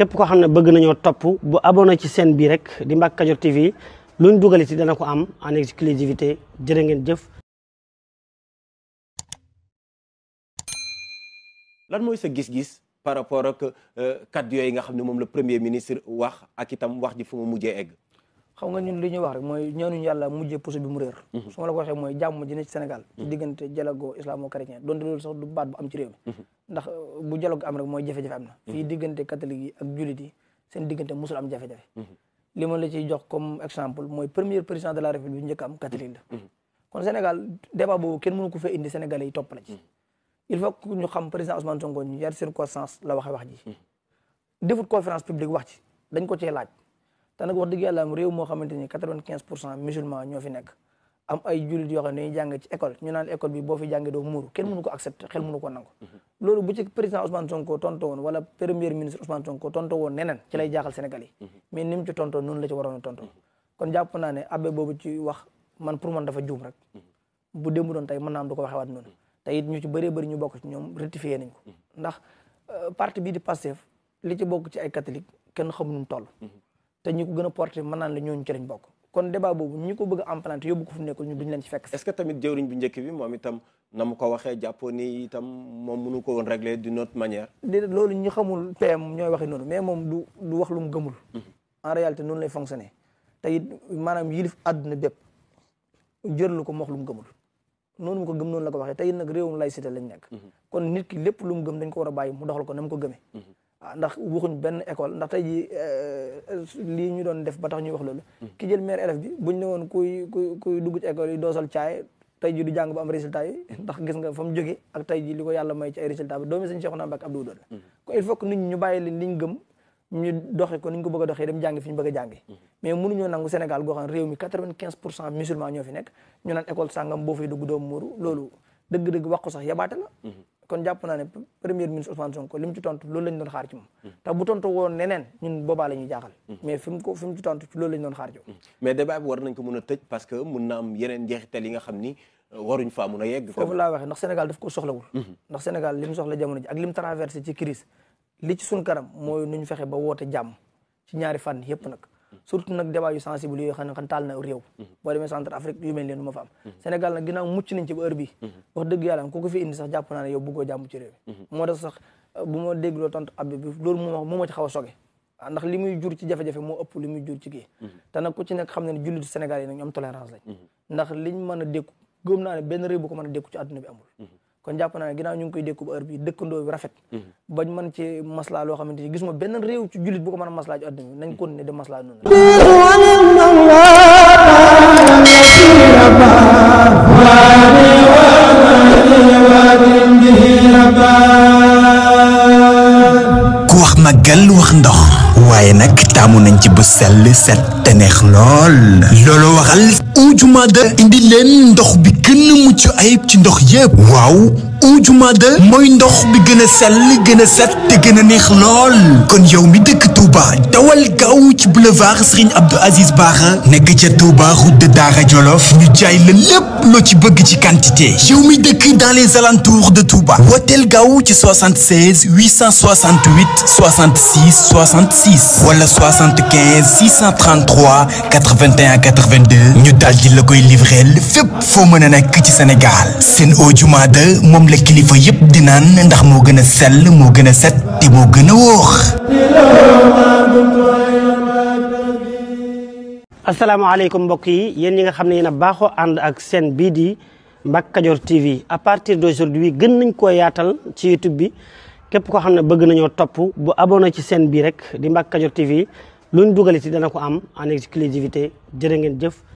képp koo xam ne bëgg nañoo topp bu abonné ci seen bi rek di Mbacke Kadior TV luñ dugal ci dana ko am en exclusivité jëre ngeen jëf. lan mooy sa gis-gis par rapport ak euh, kàddu yooyu nga xam ne moom la premier ministre wax ak itam wax ji fu mujjee egg. xam nga ñun li ñuy wax rek mooy ñaanuñu yàlla mujjee puso bi mu réer mhm. su ma la ko waxee mooy jàmm ji ne ci Sénégal ci mhm. diggante dialogue islamo-chrétien donte loolu sax du baat bu am mhm. euh, mooy jafe-jafe am na fii diggante catholique yi ak jullit seen diggante musul am jafe-jafe li ma la ciy jox comme exemple mooy premier président de la république bi njëkk am catholique la kon Sénégal débat boobu kenn mënu ko fee indi Sénégalais yi topp la ci il faut que ñu xam président Ousmane Sonko ñu yar circonstance la waxee wax ji defut conférence ko cee laaj te nag wax dëgg yàlla am réew moo xamante ni quatre-vingt-quinze musulman ñoo fi nekk am ay jullit yoo xam ne dañuy jàng ci école ñu naan école bi boo fi jàngee doo muuru kenn mënu ko accepté xel mënu ko nangu mhm. loolu bu ci président Ousmane Sonko tonto woon wala premier ministre Ousmane Sonko tonto woon neneen ci lay jaaxal Sénégal yi mhm. mais ci tonto noonu la ci waroon a tonto mhm. kon jàpp naa ne abbé boobu ci wax man pour man dafa juum rek bu démb doon tey mën naa am du ko waxewaat noonu te it ñu ci bëree bëri ñu bokk ñoom rectifié nañ ko ndax euh, bii di Pastef li ci bokk ci ay catholique kenn xamuñu toll te ñi ko gën a porté mën naan la ñooñu ci bokk kon débat boobu ñi ko bëgg a implanté yóbbu ko fu nekkul ñu duñ leen ci fekk est-ce que tamit jëwriñ bu njëkk bi moom itam mu ko waxee jàppoon ni itam moom mënu ko woon régler d'une autre ñu xamul PM ñooy waxee noonu mais moom du wax lu mu gëmul mhm. en réalité lay fonctionner te maanaam yilif àdduna bépp jërlu ko mu wax lu mu gëmul noonu mu ko gëm noonu la ko waxee te it nag réewum laïcité lañ nekk mhm. kon nit ki lépp lu mu gëm dañ ko war a bàyyi mu doxal ko na mu ko gëmee mhm. Ah, ndax waxuñ benn école ndax tey jii eh, lii ñu doon def ba tax ñuy wax loolu. Hmm. ki jël maire élève bi buñ ne woon kuy kuy kuy dugg ci école yi doosal caay tey jii du jàng ba am résultat yi ndax gis nga fa mu jóge ak tey jii li ko yàlla may ci ay hmm. ñu bàyyi leen li ñu gëm ñu doxe ko ni ñu ko bëgg a doxee dem jàngi fi ñu bëgg a jàngi hmm. mais mënuñoo nangu Sénégal goo xam réew mi quatre-vingt-quinze pour musulman ñoo fi nekk ñu naan école sàngam boo fay dugg doomu muuru loolu dëgg-dëgg wax ko sax yabaate la kon jàpp naa ne premier ministre Ousmane Sonko li mu ci tontu loolu lañ doon xaar moom. te bu woon neneen ñun boobaa la ñuy jaaxal. mais fi mu ko fi mu ci tontu loolu lañ doon xaar ci mais débat bi war nañ ko mën a tëj parce que mun na am yeneen njeexital yi nga xam ni euh, waruñ faa mun a yegg. foofu laa waxee ndax Sénégal daf ko soxlawul. ndax Sénégal li mu soxla jamono ji ak li mu traversé ci crise li ci mooy nu ñu fexe ba woote jàmm ci ñaari fànn yépp nag surtout nag débat yu sensible yooyu xam ne xam taal na réew boo demee centre Afrique yu mel leen du ma fa am nag ginnaaw mucc nañ ci ba heure wax dëgg yàlla ku ko fi indi sax jàpp naa ne yow bëggoo jàmm ci moo tax sax euh, bu ma dégloo tontu abbi bi loolu moo moo ma ci xaw a ah, ndax li muy jur ci jafe-jafe moo ëpp li muy jur ci kii te nag ku ci nekk xam ne ne jullit Sénégal yi nag ñu am tolérance lañ mhm. ndax liñ mën a dékku gëm ne benn réew bu ko mën a dékku bi amul mhm. kon jàpp naa ginaa ginnaaw ñu ngi koy dékku ba heure bi dëkkandoo bi rafet mhm. bañ mën ci maslaa loo xamante ni gisuma benn réew ci jullit ko mën a maslaa ci àdduna nañ kon ne de maslaa ku wax màggal wax ndox waaye nag taamu nañ ci bu sell set te lool loolu waral ujumaada indi leen ndox bi gën a mucc ayib ci ndox yépp waaw uujuma de mooy ndox bi gën a sell gën a set te gën a neex lool kon yow mi dëkk Touba dawal gaaw ci boulevard Serigne Abdou Aziz Bara nekk ca Touba route de Daara Jolof ñu jaay la lépp loo ci bëgg ci quantité yow mi dëkk dans les alentours de Touba wooteel gaaw ci 76 868 66 66 wala 75 633 81 82 ñu daal di la koy livreel fépp foo mën a nekk ci Sénégal seen uujuma moom la kilifa yëpp di naan ndax moo gën a sell moo gën a set te moo gën a wóor. asalaamaaleykum mbokk yi yéen ñi nga xam ne yéen a baaxoo ànd ak seen bii di Mbacke Kadior TV à partir d'aujourd'hui gën nañ koo yaatal ci YouTube bi képp koo xam ne bëgg nañoo topp bu abonné ci seen bii rek di Mbacke Kadior TV luñ dugal ci dana ko am en exclusivité jërë ngeen jëf.